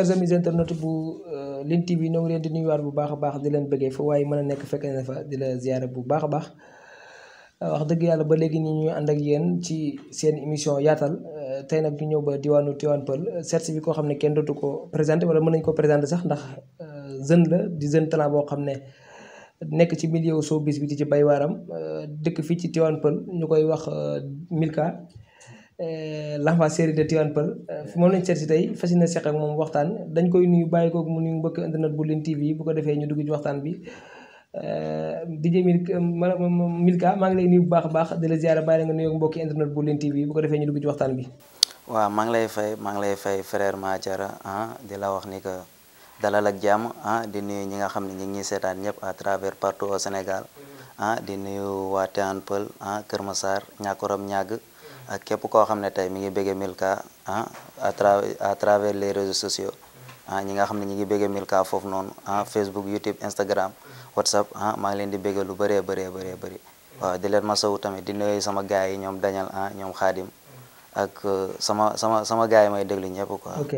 chers amis internet bu euh, Lune TV ñoo ngi leen di nuyuwaat bu baax a baax di leen bëggee fa waaye mën a nekk fekk na fa di la ziyaare bu baax a euh, wax dëgg yàlla ba léegi ñu ànd ak yéen ci seen émission yaatal euh, tey nag ñu ñëw ba diwaanu Tivaouane Peulh seet si bi koo xam ne kenn dootu ko présenté wala mën nañu ko présenté sax ndax jeune la di jeune boo xam ne nekk ci milieu showbiz bi di ci bay waaram dëkk fii ci Tivaouane Peulh ñu koy wax Milka Eh, Lahma Séri de Tiwan Peulh eh, fi moom lañ seet si tey fas yéene seq ak moom waxtaan dañ koy nuyu bàyyi koog mu nuyu mbokk internet bu TV bu ko defee ñu dugg ci waxtaan bi eh, DJ Milka maa ngi lay nuyu bu baax baax di la ziyaara bàyyi nga internet bu TV bu ko defee ñu dugg ci waxtaan bi. wa maa ngi lay fay maa ngi lay fay frère Mathiara ah di la wax ni que dalal ak jàmm ah di nuyu ñi nga xam ne ñi ngi ñuy seetaan ñëpp à travers partout au Sénégal ah di nuyu waa Tivaouane Peulh ah Kër ak képp koo xam ne tey mi ngi bëgge Milka ah à travers les réseaux sociaux ah ñi nga xam ne ñi ngi bëgge Milka foofu noonu ah Facebook YouTube Instagram WhatsApp ah maa ngi leen di bëgge lu baree bëree bëree bëri waaw di leen masawu tamit di nuyu sama gars yi ñoom Daniel ah ñoom Xaadim ak euh, sama sama sama gars yi may déglu ñëpp ko ok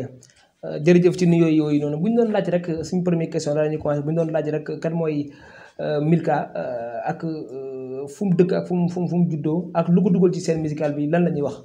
euh, jërëjëf ci nuyoo yooyu noonu bu ñu doon laaj rek suñu première question la ñuy commencé bu ñu doon laaj rek kan mooy euh, Milka fu mu dëkk ak fu mu fu ak lu ko ci seen musical bi lan la ñuy wax.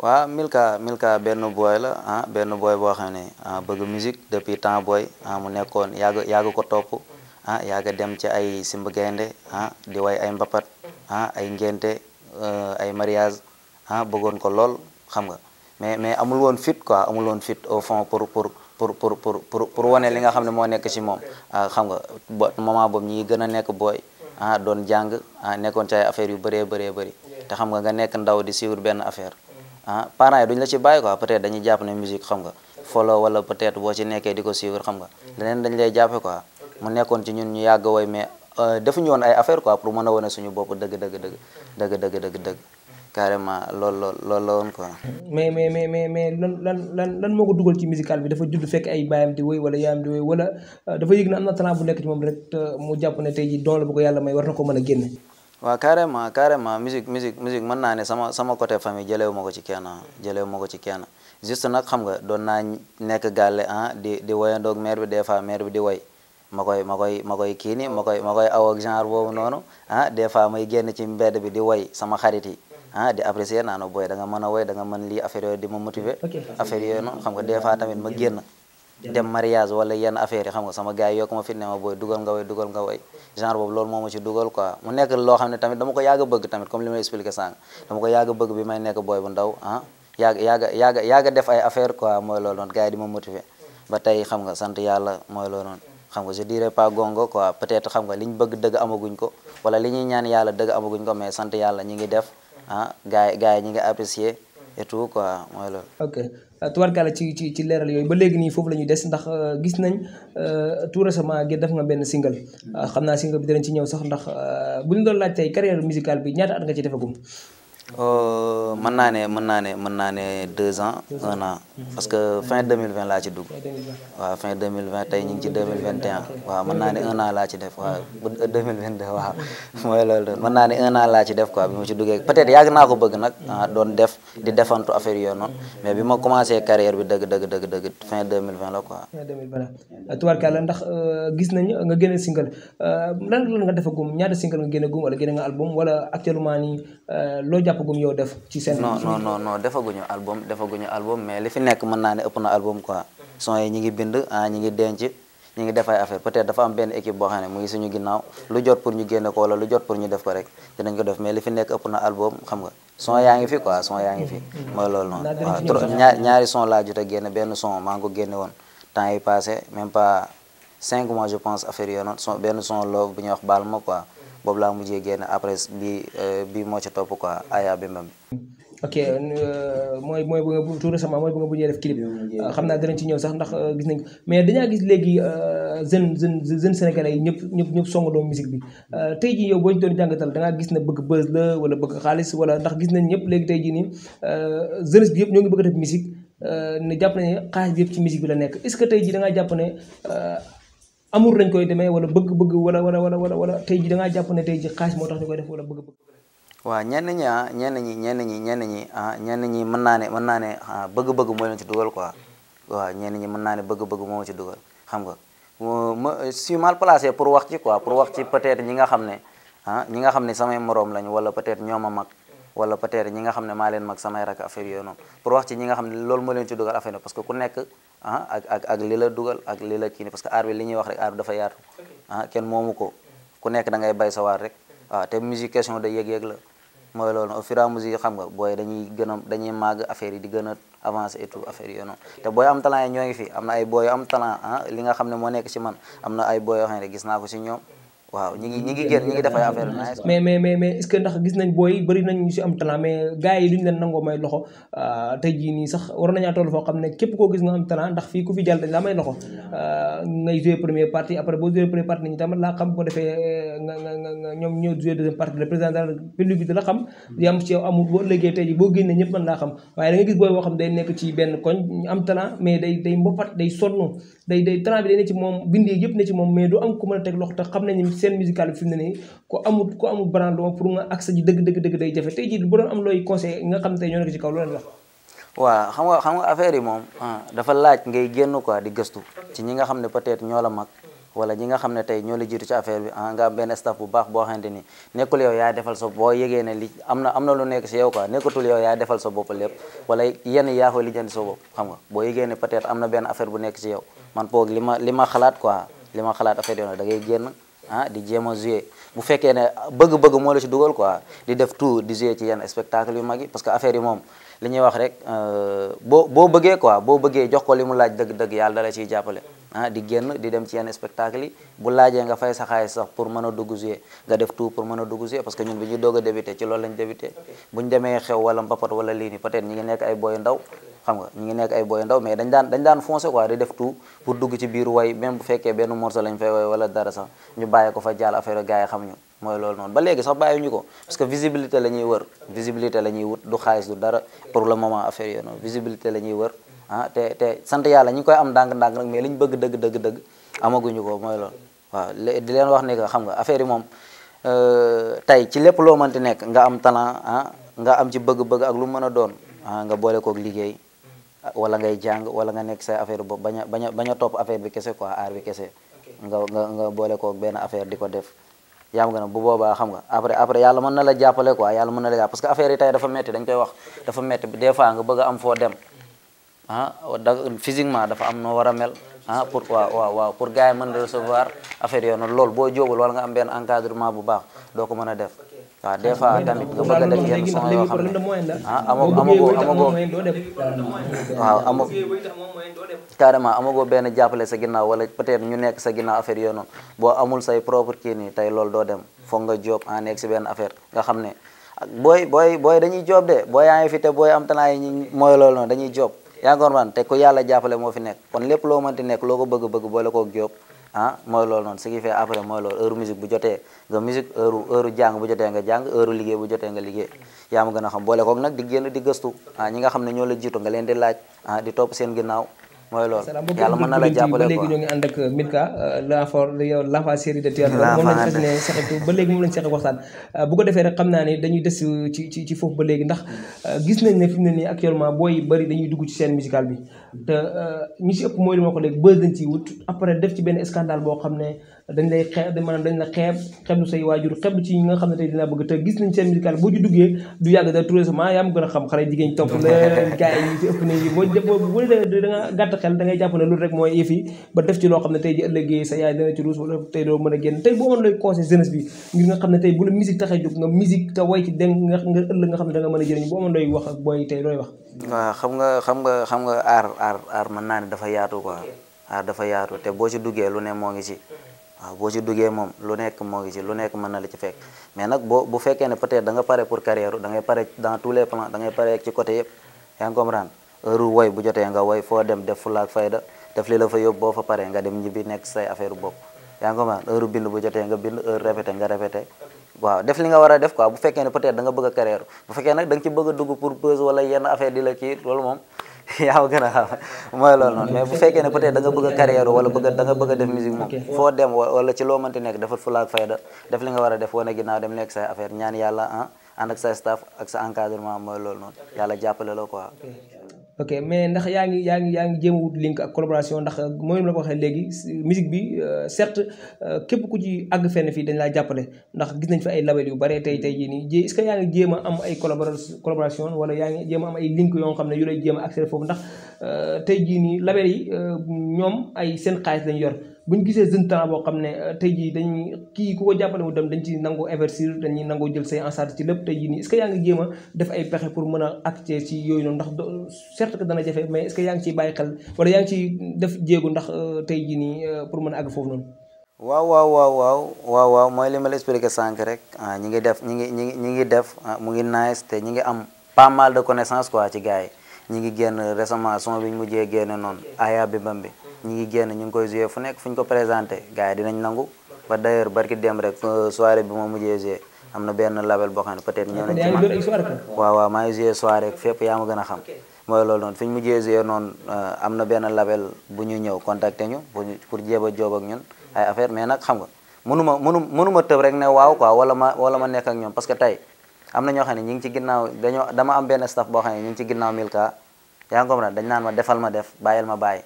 waa Milka Milka benn booy la ah benn booy boo xam ne ah bëgg musique depuis temps booy ah, mu nekkoon yàgg yàgg ko topp ah yàgg dem ci ay Simba Gaynde ah di way ay mbapat ah, ay ngénte euh, ay mariage ah, ko lool xam nga mais mais amul woon fit quoi amul woon fit au fond pour pour. pour pour pour pour wane li nga xam ne moo nekk ci moom xam nga ba moment boobu ñi gën a nekk booy ah doon jàng ah nekkoon ci ay yu bëree bëree bëri te xam nga nga nekk ndaw di suivre benn affaire ah parents yi duñ la ci bàyyi quoi peut-être dañuy jàpp ne musique xam nga follow wala peut-être boo ci nekkee di ko suivre xam nga mm-hmm. leneen dañ lay jàppe quoi mu nekkoon ci ñun ñu yàgg woy mais euh, defuñu woon ay affaire quoi pour mën a wane suñu bopp dëgg dëgg dëgg dëgg dëgg dëgg dëgg carrément loolu lool loolu la woon quoi. mais mais mais mais mais lan lan lan lan moo ko dugal ci musical bi dafa judd fekk ay baayam di woy wala yaayam di woy wala euh, dafa yëg ne am na talent bu nekk ci moom rek mu jàpp ne tey jii doole bu ko yàlla may war na ko mën a génne. waaw carrément carrément musique musique musique mën naa ne sama sama côté famille jëlewu ma ko ci kenn jëlewu ma ko ci kenn juste nag xam nga doon naa nekk gàlle ah di di woyandoog mère bi des fois mère bi di woy ma koy ma koy ma koy kii nii ma koy ma koy aw ak genre boobu noonu ah des fois may génn ci mbedd bi di woy sama xarit yi. ah di apprécier naa no oh, booy da nga mën a lii affaire yooyu di ma motiver affaire yooyu noonu xam nga des tamit ma génn dem mariage wala yenn affaire xam nga sama gars yokk ma fit ma booy dugal nga woy genre boobu loolu moo ci dugal quoi mu nekk loo xam ne tamit dama ko yàgg a bëgg tamit comme li may expliqué a ah. a sant yàlla mooy loolu noonu xam nga je pas gongo quoi peut xam nga li bëgg dëgg amaguñ ko wala li ñuy yàlla dëgg amaguñ ko mais sant yàlla ñi ah gars yi gars yi ñu nga apprécié et tout quoi mooy loolu. ok tubarkalla ci ci ci leeral yooyu ba léegi nii foofu la ñuy des ndax euh, gis nañ euh, tout récemment gi def nga benn single. Mm. Ah, xam naa single bi dinañ ci ñëw sax ndax euh, bu ñu doon laaj tey carrière musicale bi ñaata at nga ci defagum. Euh, mën naa ne mën naa ne mën un an parce que fin laa ci dugg waaw fin tey ñu ci 2021 waaw mën an waaw ba naa ne un an laa ci def quoi bi ma ci duggee peut-être yàgg naa ko bëgg nag ah, doon def di defantu affaire yooyu mais bi ma commencé carrière bi dëgg dëgg dëgg fin 2020 la quoi. fin 2020 tubaarkàlla ndax euh, gis nañu nga génne single euh, lan lan nga defagum ñaata single nga génne gum wala génne nga album wala actuellement nii loo jàppagum yow def ci defaguñu album mais li fi nekk mën naa ne ëpp na album quoi. son yi ñi ngi bind ah ñi ngi denc ñi ngi def ay affaire peut-être dafa am benn équipe boo xam ne mu ngi suñu ginnaaw lu jot pour ñu def ko rek dinañ ko def mais li fi nekk ëpp na album xam nga son yaa ngi fi quoi son yaa ngi fi. mooy loolu noonu waaw ñaari son laa jot a génne benn son maa ngi ko génne temps yi passé même pas cinq mois je pense affaire yooyu benn son love bu wax baal boobu laa mujjee génn après bi euh, bi moo ca topp quoi aya bi mbam bi ok euh, mooy mooy bu nga tout récemment mooy bu nga mujjee def clip euh, xam naa dinañ ci ñëw sax ndax gis nañ mais dañaa gis léegi jeune jeune jeune sénégalais yi ñëpp ñëpp ñëpp songu doom musique bi tey jii yow boo ñu doon jàngatal da ngaa gis ne bëgg buzz la wala bëgg xaalis wala ndax gis nañ ñëpp léegi tey jii nii jeunesse bi yëpp ñoo ngi bëgg def musique ne jàpp nañu ne xaalis bi yëpp ci musique bi la nekk est ce que tey jii da ngaa jàpp ne amour lañ koy demee wala bëgg-bëgg wala wala wala wala wala tey ji da ngaa jàpp ne tey ji xaalis moo tax ñu koy def wala bëgg-bëgg waaw ñenn ñi ah ñenn ñi ñenn ñi ñenn ñi ah ñenn mën naa ne mën naa ne ah, bëgg-bëgg moo leen ci dugal quoi waaw ñenn ñi mën naa ne bëgg-bëgg moo ci dugal xam nga ma suis mal placé pour wax ci quoi ñi nga xam ne ah ñi nga xam ne samay moroom lañ wala peut-être a mag wala peut ñi nga xam ne maa leen mag samay rak affaire yooyu noonu pour wax ci ñi ah ak ak ak li dugal ak li la kii parce que aar bi li ñuy wax rek aar bi dafa yaatu ah, kenn moomu ko ku nekk da ngay bay sa waar rek waaw ah, te musique question de yëg-yëg la mooy loolu au fur et xam nga booy dañuy gën a yi di gën a avancer et tout affaire yi te booy am talent yi ñoo fi am na ay booy am talent ah, li nga xam ne moo nekk ci man am na ay booy yoo xam gis naa ko ci ñoom waaw ñi ngi ñi ngi génn ñi ngi defar affaire nice mais mais mais mais est-ce que ndax gis nañ booy bëri nañ ñu si am talent mais gars yi duñ leen nangoo may loxo euh, tey jii nii sax war nañaa toll foo xam ne képp koo gis nga am talent ndax fii ku fi jàll dañ laa may loxo euh, ngay jouer première partie après boo jouer première partie nañu tamit laa xam bu ko defee euh, nga nga nga ñoom ñëw jouer deuxième partie le président de public bi da la xam di hmm. am ci yow amul boo ëllëgee tey jii boo génnee ñëpp mën laa xam waaye da nga gis booy boo xam day nekk ci benn koñ am talent mais day day mbopat day sonn day day talent bi day ne ci moom bind yi yëpp ne ci moom mais du am ku a teg loxo te xam nañu seen musical bi ne nii ku amul ku amul brandon pour nga accès ji dëgg dëgg dëgg day jafe tey jii bu doon am looy conseil nga xam tey ñoo nekk ci kaw loolu wax waaw xam nga xam nga affaire yi moom ah, dafa laaj ngay génn quoi di gëstu ci ñi nga xam ne peut-être ñoo la mag wala ñi nga xam ne tey ñoo la jiitu ci affaire bi ah nga am benn staff bu baax boo xamante ni nekkul yow yaa defal sa boo yégee ne li am na am lu nekk si yow quoi nekkatul yow yaa defal sa bopp lépp wala yenn yaa koy lijjanti sa xam nga boo yégee ne peut-être am na benn affaire bu nekk si yow man poog li ma li ma xalaat quoi li ma xalaat a yoon da ngay génn ah di jéem a jouer bu fekkee ne bëgg-bëgg moo la ci dugal quoi di def tout di jouer ci yenn spectacle yu mag yi parce que affaire yi moom li ñuy wax rek euh, boo boo bëggee quoi boo bëggee jox ko li mu laaj dëgg-dëgg yàlla la ciy jàppale ah, di génn di dem ci yenn spectacle yi bu laajee nga fay sa xaalis sax pour mën a dugg jouer nga def tu pour mën a dugg jouer parce que ñun bi ñuy doog a ci loolu lañ débuté bu ñu demee xew wala mbapat wala lii nii peut-être ñi ngi nekk ay boy ndaw xam nga ñi ngi nekk ay booy ndaw mais dañ daan dañ daan foncé quoi di def tout pour dugg ci biir way même bu fekkee benn morceau lañ wala dara sax ñu bàyyi ko fa jàll affaire xam ñu moy lol non ba légui sax bàyyiwuñu ko parce que visibilité lañuy wër visibilité lañuy wut du xaliss du dara pour le moment affaire yooyu visibilité lañuy wër ah té té sante yalla ñi koy am dang dang nak mais liñ bëgg dëg dëg dëg amaguñu ko moy lol waaw di leen wax ne que xam nga affaire yi euh tay ci lépp loo mënti nekk nga am talent ah nga am ci bëgg-bëgg ak lu mëna doon ah nga ko ak liggéey wala ngay jang wala nga nekk sa affaire boobu baña baña bañ a affaire bi kessé quoi art bi kessé nga nga nga ko ak ben affaire diko def yaa nga ne bu boobaa xam nga après après yàlla mën na la jàppale quoi yàlla mën na la jàpp parce que affaire yi tey dafa metti dañ koy wax dafa metti des fois nga bëgg a am foo dem ah da physiquement dafa am noo war a mel ah pour waaw waaw waaw pour gars mën recevoir affaire yoonu loolu boo jóobul wala nga am benn encadrement bu baax doo ko mën a def waaw des fois tamit nga bëgg a def yenn son ah, benn jàppale sa ginnaaw wala ñu nekk sa ginnaaw affaire yoo boo amul say propre kii nii tey loolu doo dem foog nga job a nekk si benn affaire nga xam ne booy booy booy dañuy joob de booy yaa fi te booy am talent yi mooy loolu noonu dañuy job yaa ngi comprendre te ku yàlla jàppale moo fi nekk kon lépp loo mënti nekk loo ko bëgg-bëgg boole koog job ah mooy loolu noonu ce qui fait après mooy loolu heure musique bu jotee nga musique heure heure jàng bu jotee nga jàng heure liggéey bu jotee nga liggéey yaa nga gën a xam boole koog nag di génn di gëstu ah ñi nga xam ne ñoo la jiitu nga leen di laaj ah di topp seen ginnaw mooy loolu yàlla mën na la jàppale ba léegi ñoo ngi ànd ak Milka euh, l'enfant yow l'enfant série de Tivaouane moom lañ fas ne ba léegi moom lañ seqe waxtaan euh, bu ko defee rek xam naa ne dañuy des ci ci ci foofu ba léegi ndax euh, gis nañ ne fi mu ne nii actuellement booy bëri dañuy dugg ci seen musicale bi te ñi si ëpp mooy li ma ko léegi bës dañ ciy wut après def ci benn scandale boo xam ne dañ lay xeeb maanaam dañ la xeeb xeeblu say waajur xeeblu ci ñi nga xam ne tey dinaa bëgg te gis nañ seen médical boo ci duggee du yàgg da tout récemment yaa gën a xam xale jigéen topp la gars yi ci ëpp nañ yi boo da nga gàtt xel ne loolu rek mooy yëf yi def ci loo xam ne tey ji ëllëgee sa yaay dana wala tey doo mën a génn tey boo mën lay conseil jeunesse bi ngir nga xam ne tey bu la musique taxee jóg nga musique te way ci deng nga xam ne da nga mën a jëriñ boo mën lay wax ak booy tey looy wax waaw xam nga xam nga xam nga aar aar aar mën naa ne dafa yaatu ko ah dafa yaatu te boo ci duggee lu ne moo ngi ci waaw boo ci duggee moom lu nekk moo ci lu nekk mën na la ci fekk mais nag boo bu fekkee ne peut-être pare pour carrière da pare dans tous les plans da pare ci côté yëpp yaa ngi comprendre heure bind bu jotee nga bind heure répété nga répété waaw def li nga war def quoi bu fekkee ne peut-être da nga bu fekkee nag da ci bëgg dugg pour buzz wala yenn affaire di la kii loolu moom yaa gën a xam mooy loolu noonu mais bu fekkee ne peut-être da nga bëgg wala bëgg da a def musique moom foo dem wala ci loo mënti nekk dafa fulaak fayda def li nga war a def wane ginnaaw dem nekk say affaire ñaan yàlla ah ànd ak sa staff ak sa encadrement mooy loolu noon yàlla jàppale la quoi ok mais ndax yaa ngi yaa ngi yaa ngi jéem a wut link ak collaboration ndax moom la ko waxee léegi musique bi euh, certes euh, képp ku ci àgg fenn fii dañ laa jàppale ndax gis nañ fi ay label yu bare tey tey jii nii ji est-ce que yaa ngi jéem am ay collaboration wala yaa ngi jéem am ay link yoo xam ne yu lay jéem a accès foofu ndax euh, tey jii nii label yi ñoom ay seen xaalis lañu yor bu ñu gisee jeune talent boo xam ne euh, tey ji dañuy kii ku ko jàppale mu dem dañ ci nangoo investir dañuy nangoo jël say en charge ci lépp tey ji nii est ce que yaa ngi jéem def ay pexe pour mën a acté ci yooyu noonu ndax certes que dana jafe mais est ce que yaa ngi ciy bàyyi xel wala yaa ngi ciy def jéego ndax euh, tey jii nii euh, pour mën a ak foofu noonu waaw waaw waaw waaw waaw waaw mooy li ma la que sànq rek ah, ñi ngi def ñi ngi ñi ñi ngi def ah, mu ngi nice te ñi ngi am pas mal de connaissance quoi ci gars yi ñi ngi génn récemment bi ñu mujjee génn noonu aya bi bam bi ñi ngi ñu ngi koy joué fu nek fuñ ko présenter gaay dinañ nangu ba d'ailleurs barki dem rek euh, soirée bi mo mujjé jé amna benn label bo xamné peut être ñëw nañ ci man waaw waaw may ngi joué soirée fépp yaa ma gëna xam moy lool non fuñ mujjé jé non euh, amna benn label bu ñu ñëw contacté ñu pour jéba job ak ñun ay affaire mais nak xam nga mënuma mënuma teub rek né waaw quoi wala ma wala ma nekk ak ñom parce que tay amna ño xamné ñi ngi ci ginnaw dañu dama am benn staff bo xamné ñi ngi ci ginnaw Milka ya ngi comprendre dañ nan ma defal ma def bàyyil ma baye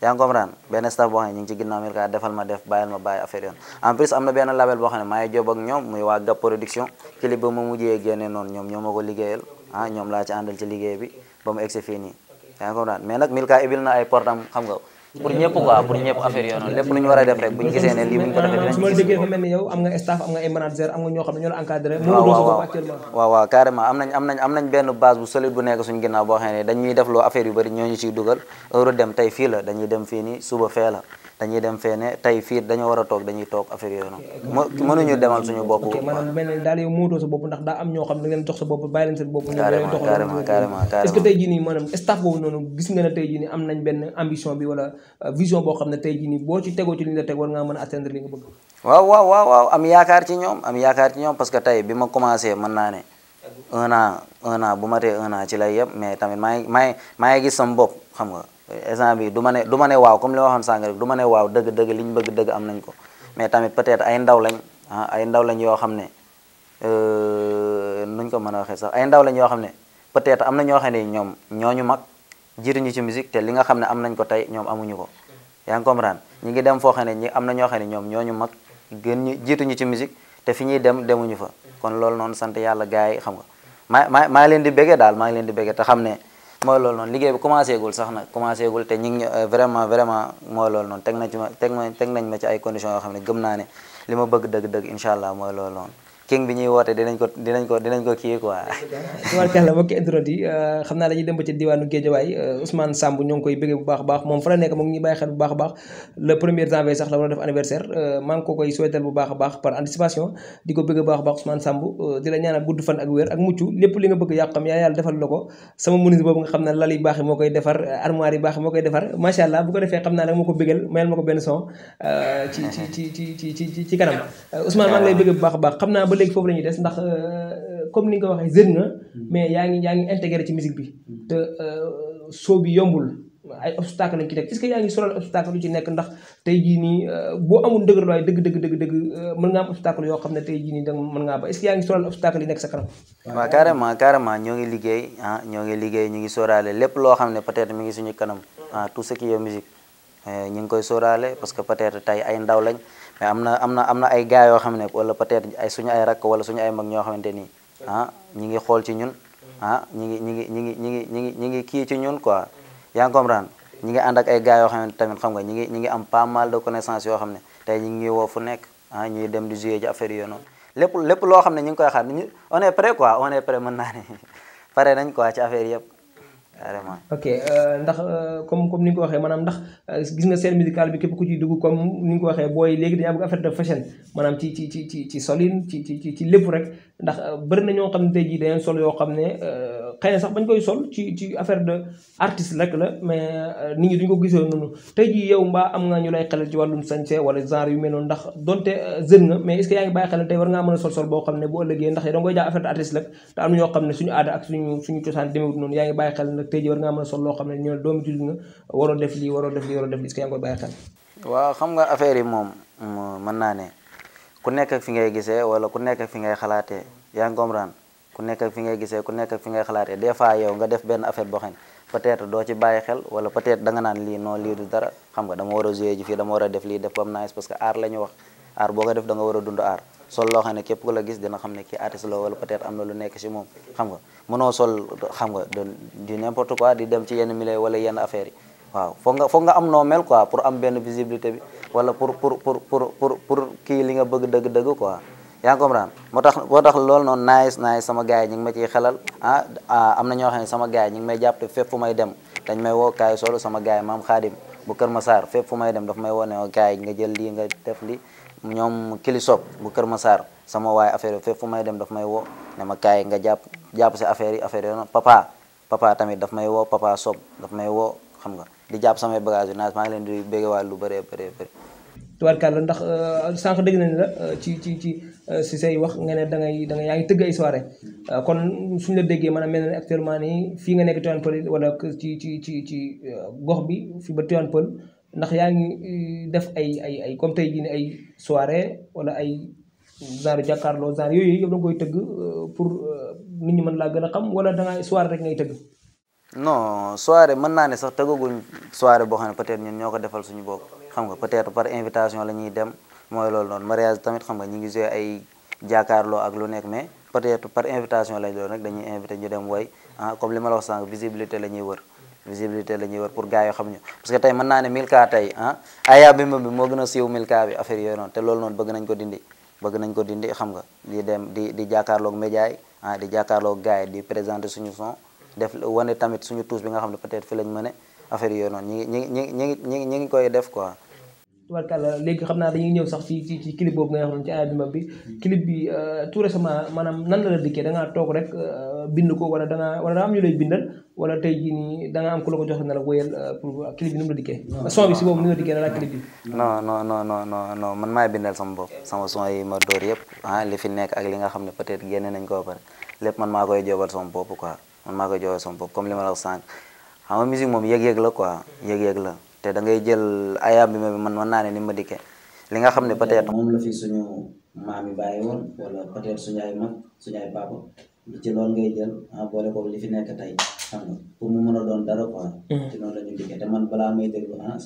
yaa ngi comprendre benn staff boo xam ne ci ginnaaw mi ka defal ma def bàyyil ma bàyyi affaire yoon en plus am na benn label boo xam ne maa ñoom muy waa Gap production clip ba ma mujjee génne noonu ñoom ñoo ko liggéeyal ah ñoom laa ci àndal ci liggéey bi ba mu egsi fii nii yaa ngi comprendre nag Milka ibil na ay portam xam nga pour ñëpp quoi pour ñëpp affaire yoo lépp lu ñu a def rek bu ñu gisee ne lii bu ñu ko defee dinañ su ma déggee dafa mel ni yow am ne la encadré waaw waaw carrément am nañ am nañ am nañ benn base bu solide bu nekk suñ ginnaaw boo xam dañuy def loo affaire yu bëri ñu ciy dugal heure dem tey fii la dañuy dem fii nii suba fee la dañuy dem fee ne tey fii dañoo war a toog dañuy toog affaire yooyu noonu eh, mënuñu eh, demal suñu bopp maanaam mel ne ndax daa am ñoo xam da ngeen jox sa bopp bàyyi leen seen bopp carrément carrément est-ce que tey nañ benn ambition bi wala euh, vision boo xam ne tey jii nii boo ci tegoo ci li nga teg war ngaa mën a atteindre li nga bëgg waaw waaw waaw am yaakaar ci ñoom am yaakaar ci ñoom parce que tey bi ma commencé mën naa ne un an un an bu ma tee un an ci lay yëpp mais tamit maa ngi maa ngi ngi gis sam bopp xam nga exemple bi du ma ne du ma ne waaw comme li ma waxoon sànq rek du ma ne waaw dëgg dëgg li ñu bëgg dëgg am nañ ko mais tamit peut ay ndaw lañ ah, ay ndaw lañ yoo xam ne euh, nuñ ko mën a waxee sax ay ndaw lañ yoo xam ne peut-être am na ñoo xam ne ñoom ñooñu mag jiriñu ci musique te li nga xam ne am nañ ko tey ñoom amuñu ko yaa ngi comprendre ñi ngi dem foo xam ne ñi am na ñoo xam ne ñoom ñooñu mag gën ñu jiituñu ci musique te fi ñuy dem fa kon loolu noonu sant yàlla gars yi xam nga maa maa leen di béggee daal maa leen di béggee te xam ne mooy lool noonu liggéey bi commencé gul sax nag commencé gul te ñu ngi euh, vraiment vraiment mooy loolu noonu teg nañ ci ma teg nañ ma ci ay conditions yoo xam ne gëm naa ne li ma bëgg dëgg-dëgg incha allah mooy loolu noonu king bi ñuy woté dinañ ko dinañ ko dinañ ko kiyé quoi tubarkàlla mbokki internet yi xam xamna dañuy dem ci diwanu diwaanu way Ousmane Samb ñong koy bëggee bu baax baax mom fa la nek mo ngi bay xel bu baax baax le premier janvier sax la wara def anniversaire ma ngi ko koy souhaiter bu baax baax par anticipation diko ko bëgg bu baax baax Ousmane Samb di la ñaanal guddu fan ak wër ak muccu lepp li nga bëgg yaa xam yaa yàlla defal lako sama munis bobu nga xamna ne lal yi baax yi koy defar armoire yi baax yi moo koy defar sha allah bu ko defee xamna nak nag moo ko bëggal mayal mako ben son ci ci ci ci ci ci kanam Ousmane ma ngi lay bëgg bu baax baax xamna léegi foofu la ñuy des ndax euh, euh, comme ni nga ko waxee jeune nga mm. mais yaa ngi yaa ngi ci musique bi mm. te euh, soo bi yombul ay obstacle lañ ci teg est-ce que yaa yu ci nekk ndax tey jii nii boo amul dëgërluwaay dëgg dëgg dëgg dëgg mën nga am obstacle yoo xam ne tey jii nii da mën ngaa ba est yaa ngi solal obstacle yi nekk sa kanam waaw carrément carrément ñoo ngi liggéey ah, ñoo ngi liggéey ñu ngi sóoraale lépp loo xam ne peut-être mi ngi suñu kanam ah tout ce qui est musique ñu ngi koy sóoraale parce que peut-être tey ay ndaw lañ mais am na am na am na ay gars yoo xam ne wala peut-être ay suñu ay rakk wala suñu ay mag ñoo xamante ni ah ñi ngi xool ci ñun ah ñi ngi ñi ngi ñi ngi ñi ngi ñi ngi ñi ngi kii ci ñun quoi yaa ngi comprendre ñi ngi ànd ak ay gars yoo xam ne tamit xam nga ñi ngi ñi ngi am pas mal de connaissance yoo xam ne tey ñi ngi woo fu nekk ah ñuy dem di jouer affaire yoo noonu lépp lépp loo xam ne ñu ngi koy xaar on est prêt quoi on est prêt mën naa ne pare nañ quoi ci affaire yëpp carrément ok euh, ndax euh, comme comme ni nga ko waxee maanaam ndax euh, gis nga seen musical bi képp ku ci dugg comme ni nga ko waxee booy léegi dañu am affaire de fashion maanaam ci ci ci ci ci solin ci ci ci lépp rek ndax bëri na ñoo xam ne tey jii sol yoo xam ne. xëy na sax bañ koy sol ci ci affaire de artiste rek la mais euh, nit ñi duñ ko gisee noonu tey jii yow mbaa am nga ñu lay xelal ci wàllum sañse wala genre yu mel noonu ndax donte euh, jeune nga mais est ce que yaa ngi bàyyi xelal war ngaa mën a sol sol boo xam ne bu ëllëgee ndax danga koy jaa am na ñoo xam ne suñu aada ak suñu suñu cosaan demewut noonu yaa ngi bàyyi xel war ngaa mën a sol loo xam ne ñu ne doomi jullit nga waroo def lii waroo def lii waroo que yaa ngi koy bàyyi xel waaw xam nga affaire yi moom man naa ne ku nekk fi ngay gisee wala ku nekk fi ngay xalaatee yaa ngi comprendre ku nekk ak fi ngay gisee ku nekk ak fi ngay xalaatee des fois yow nga def benn affaire boo xam ne doo ci bàyyi xel wala peut-être naan lii non lii du dara xam nga dama war a jouer dama war def lii def bam nice parce que art la ñu wax la gis dina xam ne kii artiste la wala peut am na lu nekk ci moom xam nga mënoo sol xam nga du n'importe quoi di dem ci yenn milieu wala yenn affaires yi waaw foog nga am noo mel quoi pour am benn visibilité wala pour pour kii li nga bëgg dëgg yaa ngi comprendre moo tax moo tax loolu noonu nice sama gars yi ma ciy xelal ah, ah, am na ñoo xam ne sama gars yi ñu may jàpp te fépp fu may dem dañ may woo kaay solo sama gars yi maam xaadim bu Kër may dem daf may woo ne kaay nga jël lii nga def li ñoom kilisop bu Kër Massar sama waaye affaire fépp may dem daf may woo ne ma kaay nga jàpp jàpp si affaire yi affaire yi papa papa tamit daf may woo papa sob daf may woo xam nga di jàpp samay bagage yu naa maa ngi leen di lu bëree bëree euh, nañ la euh, ci ci Euh, si say wax nga ne da ngay yaa ngi tëgg ay soirée euh, kon suñ la man a mel na actuellement nii fii nga nekk Tivaouane Peulh wala ci ci ci ci euh, gox bi fi ba Tivaouane ndax yaa ngi def ay ay ay comme tey ay soirée wala ay genre jàkkaarloo genre yooyu yëpp da koy tëgg pour nit ñi mën laa gën a xam wala da nga soirée rek ngay tëgg. non soirée mën naa ne sax tëggaguñ soirée boo xam ne peut-être ñun ñoo ko defal suñu bopp xam nga peut-être par invitation la ñuy dem. mooy loolu noonu mariage tamit xam nga ñi ngi joué ay ak lu nekk mais peut-être par invitation lañ doon dañuy invité ñu dem way ah, comme li ma la wax sànq visibilité la ñuy wër visibilité la ñuy wër pour xam ñu parce que tey mën naa ne Milka tey ah aya bi moom bi moo nañ ko dindi bëgg ko dindi xam nga di di di jàkkaarloog média ah, di jàkkaarloog gars yi di présenter suñu son def wane tamit suñu tuus bi nga xam ne peut-être fi lañ mëne affaire yooyu ngi ñi ngi ñi ngi ñi ngi ñi ngi koy def quoi tubarkàlla léegi xam naa dañuy ñëw sax ci ci ci clip boobu nga xam ci album bi clip bi euh, tout récemment maanaam nan la la dikkee toog rek euh, bind ko wala daa am ñu wala tey jii da nga la ko jox na la wéyal euh, pour clip bi nu mu la dikkee son bi si boobu ni nga man maay bindal sama bopp sama son yi ma dóor yëpp ah li fi nekk ak li nga xam ne peut être génne nañ ko pare lépp man maa koy jobal sama bopp quoi man maa koy jobal sama bopp comme li ma la wax sànq xam nga musique moom yëg-yëg la quoi yëg-yëg la te dangay ngay jël ayaam bi ma man mën naa ne ni ma dikkee li nga xam ne peut-être. moom la fi suñu maam yi bàyyi woon wala peut-être suñu ay mag suñu ay papa ci loolu ngay jël ah boole ko li nekk tey pour mu mën a doon dara quoi. Mm-hmm. ci noonu la ñu dikkee te man ah,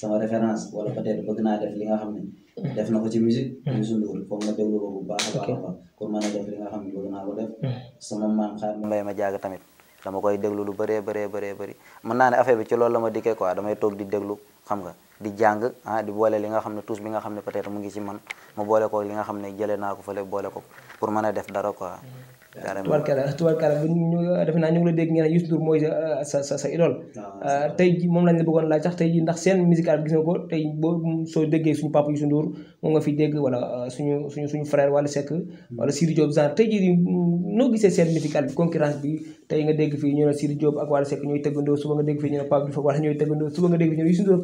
sama référence wala peut-être naa def li nga xam ne. Mm-hmm. def na ko ci musique. Mm-hmm. Youssou Ndour foog nga déglu ko bu baax a baax a baax pour mën a def li nga xam ne bëgg naa ko def. sama maam xaar mbay ma jaaga tamit. dama koy déglu lu bëree bëree bëree bari mën naa ne affaire bi ci loolu la ma dikkee quoi damay toog di déglu xam nga di jàng ah di boole li nga xam ne tous bi nga xam ne peut-être mu ngi ci man mu boole ko li nga xam ne jëlee naa ko fële boole ko pour mën a def dara quoi tubarkala tubarkala bu ñu defe naa ñu ngi la dégg ngeen ne Youssou mooy euh, sa sa sa ah, euh, tey moom lañ la bëggoon laaj sax tey ji ndax seen musical bi gis nga ko tey boo soo déggee suñu papa Youssou Ndour moom nga fi dégg wala euh, suñu suñu suñu frère Wally Seck wala Sidi Diop genre gisee seen musical bi concurrence bi tey nga dégg fii ñu ne Sidi Diop ak Wally Seck ñooy tëggandoo suba nga dégg fii ñu ne Pape Diouf wala ñooy tëggandoo suba nga dégg fii ñu ne Youssou Ndour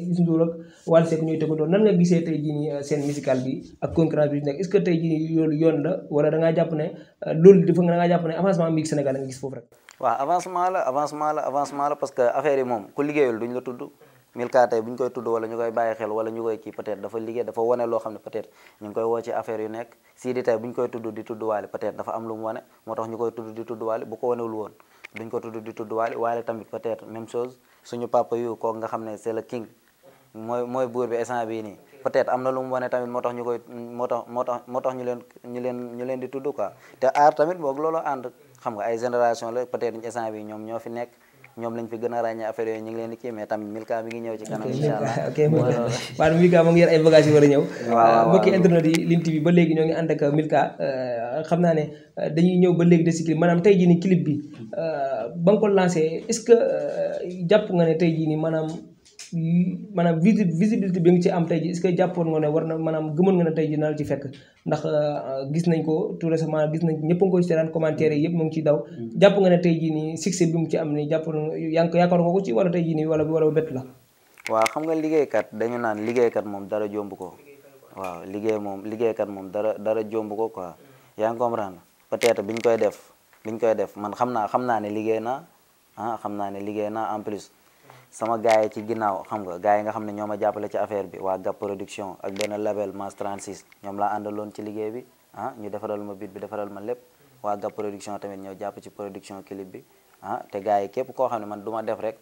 Youssou Ndour ak Wally Seck ñooy tëggandoo nan nga gisee tey jii euh, seen musical bi ak concurrence bi nekk nekk Sidi tey bu ñu koy di tudd Wally peut-être dafa am lu mu wane moo di tudd Wally bu ko wanewul di tudd Wally Wally tamit peut-être même chose papa yu kooku nga xam ne c'est le king mooy mooy buur bi instant bii nii peut am na lu wane tamit moo tax ñu leen ñu leen di tudd quoi te aar tamit boog loolu ànd xam nga ay génération la peut-être instant bii ñoom ñoo fi nekk ñoom lañ fi gën a ràññee affaire ñëw a euh, ba léegi ñoo ngi ànd Milka euh, xam naa ne euh, dañuy ñëw ba léegi de si clip maanaam tey jii ni maanaam visi visibilité bi nga ci am tey ji est jàppoon nga war na maanaam gëmoon nga ne tey ji naa la ci fekk ndax euh, gis nañ ko tout récemment gis nañ ñëpp a ngi koy commentaire yi yëpp mu ngi ciy daw mm. jàpp nga ne tey ji nii succès bi mu ci am ni jàppoon yaa ngi ko yaakaar nga ko ci wala tey ji nii wala wala bett la waaw xam nga liggéey liggéeykat dañu naan liggéeykat moom dara jomb ko waaw liggéey moom liggéey kat moom dara dara jomb ko quoi yaa ngi comprendre peut bi biñ koy def biñ koy def man xam naa xam naa ne liggéey naa ah xam naa ne liggéey naa en plus sama gars yi ci ginnaaw xam nga gars yi nga xam ne ñoo ma jàppale ci affaire bi waa Gap production ak benn label Mass 36 ñoom laa àndaloon ci liggéey bi ah ñu defaral ma beat bi defaral ma lépp waa Gap production tamit ñoo jàpp ci production clip bi ah te gars képp koo xam ne man du ma def rek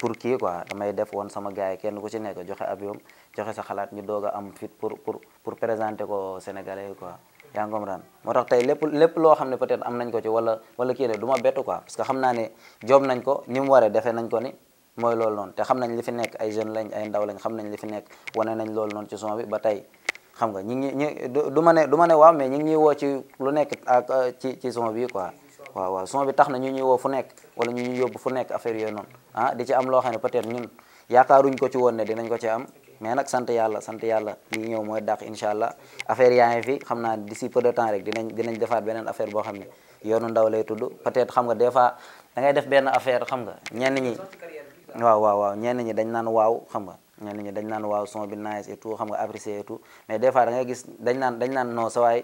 pour kii quoi damay def woon sama gars yi kenn ku ci nekk joxe ab yoom joxe sa xalaat ñu doog a am fit pour pour pour présenter ko Sénégalais yi quoi. yaa ngi comprendre moo tax tey ko ci wala wala kii ne du ma bett quoi parce que xam mooy loolu noon te xam nañ li fi nekk ay jeunes lañ ay ndaw lañ xam nañ li fi nekk wane nañ loolu noonu ci son bi ba tey xam nga ñi ngi ñi du ma ne du ma ne waaw mais ñi ngi ñuy woo ci lu nekk euh, ci ci son bi quoi waaw waaw son bi tax na ñu ñuy woo fu nekk wala ñu ñuy yóbbu fu nekk affaire yooyu noonu ah di ci am loo xam ne peut-être ñun ko ci woon ne dinañ ko ci am mais nag sant yàlla sant yàlla li ñëw mooy dàq incha allah affaire yaa ngi fi xam naa d'ici peu de temps rek dinañ dinañ defaat beneen affaire boo xam ne yoonu ndaw lay tudd peut-être xam nga des fois def benn affaire xam nga ñenn ñi waaw waaw waaw ñenn ñi dañ naan waaw xam nga ñenn naan xam nga apprécier et mais des fois da gis dañ naan dañ naan non sa euh,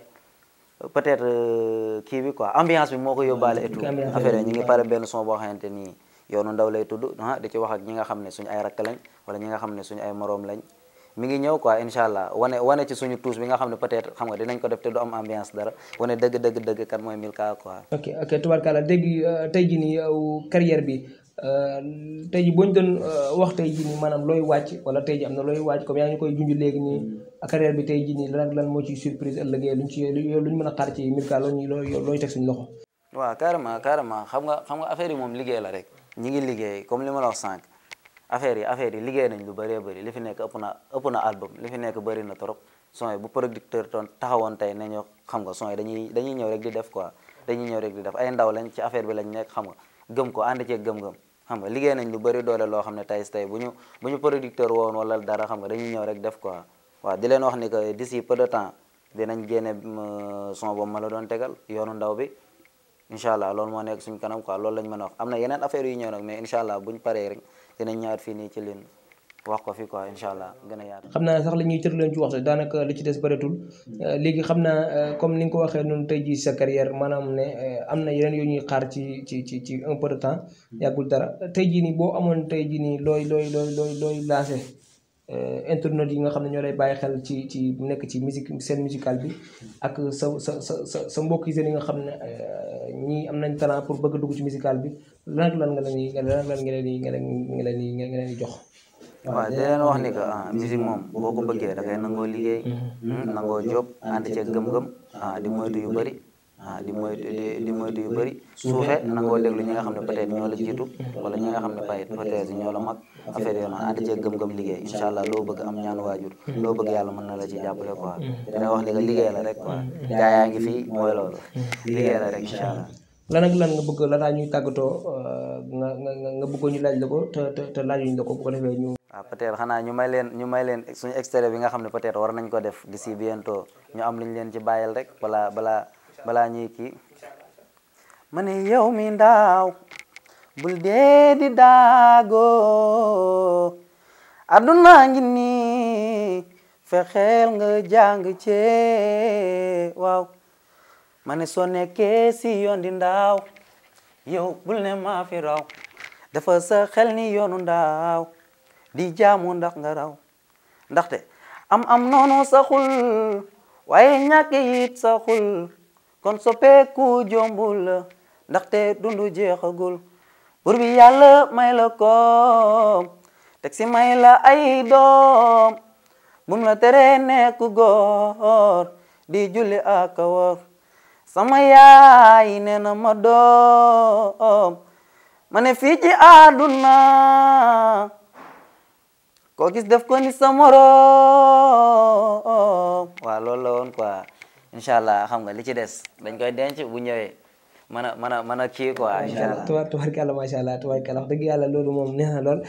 bi quoi ambiance bi moo ko yóbbaale et tout ñu ngi pare benn son boo xamante nii yoonu ndaw lay tudd ah wax ak ñi nga xam ne suñ ay rakk lañ wala ñi nga xam ne suñu ay moroom lañ mu ngi ñëw quoi incha allah wane wane ci suñu tuus bi nga xam ne peut-être xam nga dinañ ko def te du am ambiance dara wane dëgg dëgg dëgg kan mooy Milka quoi. ok ok tubarkalla dégg euh, tey jii nii euh, carrière bi. Euh, tey ji boo ñu doon euh, wax tey ji ni maanaam looy wàcc wala tey ji am na looy wàcc comme yaa ngi koy junj léegi nii mm. carrière bi tey ji nii lan lan moo ci surprise ëllëgee luñ ci luñ mën a xaar ci Milka loolu looy teg suñu loxo. waaw carrément carrément xam nga xam nga affaire yi moom liggéey la rek ñi ngi liggéey comme li ma la wax sànq affaire yi affaire yi liggéey nañ lu bëree bëri li fi nekk ëpp na ëpp na album li fi nekk bëri na trop son bu producteur toon taxawoon tey ne ñoo xam nga son dañuy dañuy ñëw rek di def quoi dañuy ñëw rek di def ay ndaw lañ ci affaire bi lañ nekk xam nga gëm ko ànd ceeg gëm xam nga liggéey nañ lu bëri doole loo xam ne tey tey bu ñu bu ñu producteur woon wala dara xam nga dañuy ñëw rek def quoi waaw di leen wax ni que d'ici peu de temps nañ génne euh, son boobu ma la doon tegal yoonu ndaw bi incha allah loolu moo nekk suñ kanam quoi loolu lañ mën a wax am na yeneen affaire yu ñëw nag mais incha buñ paree rek dinañ ñëwaat fii nii ci ligne wax ko fi quoi incha allah gën a yaatu. xam naa sax la ñuy tëraloon ci wax sax daanaka li ci des bëreetul euh, léegi xam naa euh, comme ni nga ko waxee noonu tey jii sa maanaam ne euh, am na yeneen yoo ñuy xaar ci ci ci ci un peu dara tey jii nii boo amoon tey jii nii looy looy looy looy looy lancé internautes yi nga xam ne ñoo lay bàyyi xel ci ci nekk ci musique scène musicale bi ak sa sa sa sa sa mbokk yi nga xam ne ñii am nañ talent pour bëgg a dugg ci musicale bi lan ak lan nga leen di lan ak lan nga leen di nga leen di nga leen di jox. wadde no wax ni que musique moom boo ko bëggee da ngay nangoo liggéey nangoo job di moytu yu bëri di moytu di moytu yu bëri suufe nangoo déglu ñi nga xam ne peut être ñoo la jiitu wala ñi nga xam ne peut être ñoo la mag affaire yooyu allah loo bëgg am ñaan waajur loo bëgg yàlla mën na la ci jàppale quoi dina wax ni que liggéey la rek quoi hmm. gaa hmm. iya. rek incha allah lan ak lan nga bëgg lataa ñuy tàggatoo nga nga nga bëggoon ñu laaj la ko te te laajuñ la ko bu ko defee ñu waaw ah, peut-être xanaa ñu may leen ñu may leen suñu extérieur bi nga xam ne peut-être war nañ ko def d'ici bientôt ñu am luñ leen ci bàyyil rek bala bala bala ñuy kii ma ne yow mi ndaaw bul dee di daagoo adduna ngi nii fexeel nga jàng cee waaw ma ne soo nekkee si yoon di ndaaw yow bul ne maa fi raw dafa sa xel ni yoonu ndaaw di jaamu ndax nga raw ndaxte am am noonu saxul waaye ñàkk yit saxul kon soppeeku jombul la ndaxte dundu jeexagul bur bi yàlla may la koom teg si may la ay doom bum la tere nekk góor di julli ak woor sama yaay nee na ma doom ma ne fii ci àdduna koo gis def ko ni sa moroom waaw loolu la woon quoi incha allah xam nga li ci des dañ koy denc bu ñëwee mën a mën a mën a kii quoi incha allah tubaar tubaarkàlla macha allah tubaarkàlla wax dëgg yàlla loolu moom neex na lool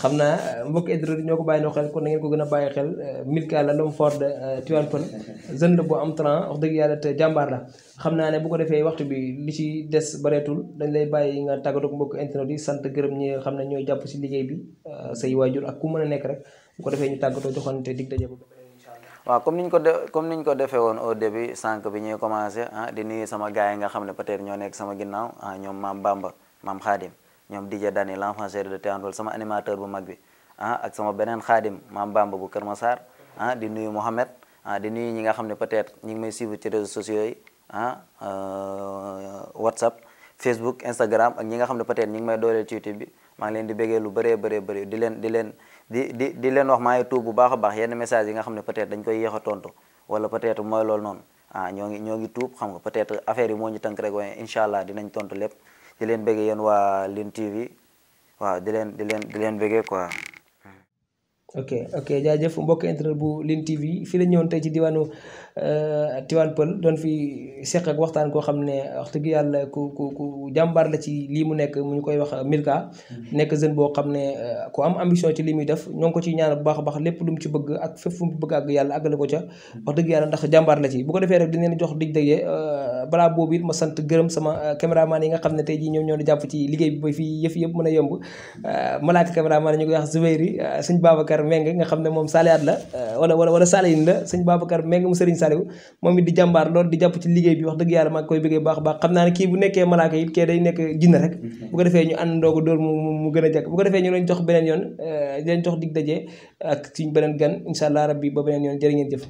xam naa eh, mbokk édrodi ñoo ko bàyyi no xel kon na ngeen ko gën a bàyyi xel eh, Milka la l'homme fort de eh, Tivaouane Peulh jeune la bu am talent wax dëgg yàlla te jàmbaar la xam naa ne bu ko defee waxtu bi li ci des bareetul dañ lay bàyyi nga tàggatoo mbokk internet yi sant gërëm ñi nga xam ne ñooy jàpp si liggéey bi say waajur ak ku mën a nekk rek bu ko defee ñu tàggatoo joxante dig daje bu wa comme niñ ko de comme niñ ko défé won au début sank bi ñuy commencé ah di nuyu sama gaay nga xamné peut-être ño nek sama ginnaw ah ñom mam Bamba mam Khadim ñom DJ Dani l'enfant chéri de sama animateur bu mag bi ah ak sama benen Khadim mam Bamba bu Kër Massar ah di nuyu mohammed ah di nuyu ñi nga xamné peut-être ñi ngi may suivre ci réseaux sociaux yi ah euh, WhatsApp Facebook Instagram ak ñi nga xamné peut-être ñi ngi may doole ci YouTube bi ma ngi leen di béggee lu béré béré béré di leen di leen di di di leen wax maa ngi tuub bu baax a baax yenn message yi nga xam ne peut-être dañ koy yéex a tontu wala peut-être mooy loolu noonu ah ñoo ngi ñoo ngi tuub xam nga peut-être yi moo ñu tënk rek waaye incha allah dinañ tontu lépp di leen bëggee yéen waa TV waaw di leen bëggee quoi. ok ok jaajëf mbokk internet bu Lune TV fii la ñëwoon ci diwaanu Euh, Tivaouane Peulh doon fi seq ak waxtaan koo xam ne wax dëgg yàlla ku ku ku jàmbaar la ci lii mu nekk mu ñu koy wax Milka. Mm-hmm. nekk jeune boo xam ne euh, ku am ambition ci li muy def ñoo ngi ko ciy ñaan bu baax a baax lépp lu ci bëgg ak fépp fu mu bëgg àgg yàlla àggale ko ca. Mm-hmm. la ci bu ko defee rek dinañ jox dig daje euh, balaa boobu it ma sant gërëm sama caméraman yi nga xam ne tey jii ñoom ñoo di jàpp ci liggéey bi ba fii yëf yëpp mën a yomb malaaka caméraman ñu koy wax Zoubairi sëñ Babacar Meng nga xam ne moom Saliaat la wala wala Saliyine la sëñ Babacar Meng mu sëriñ Saliou moom it di jàmbaar lool di jàpp ci liggéey bi wax dëgg yàlla maa ngi koy bëggee baax a baax xam naa ne kii bu nekkee malaaka it kee day nekk jinne rek bu ko defee ñu àndoo ko dóor mu mu gën a jekk bu ko defee ñu leen jox beneen yoon eh, leen jox dig dajee ak suñ beneen gan incha allah bi ba beneen yoon jërë ngeen jëf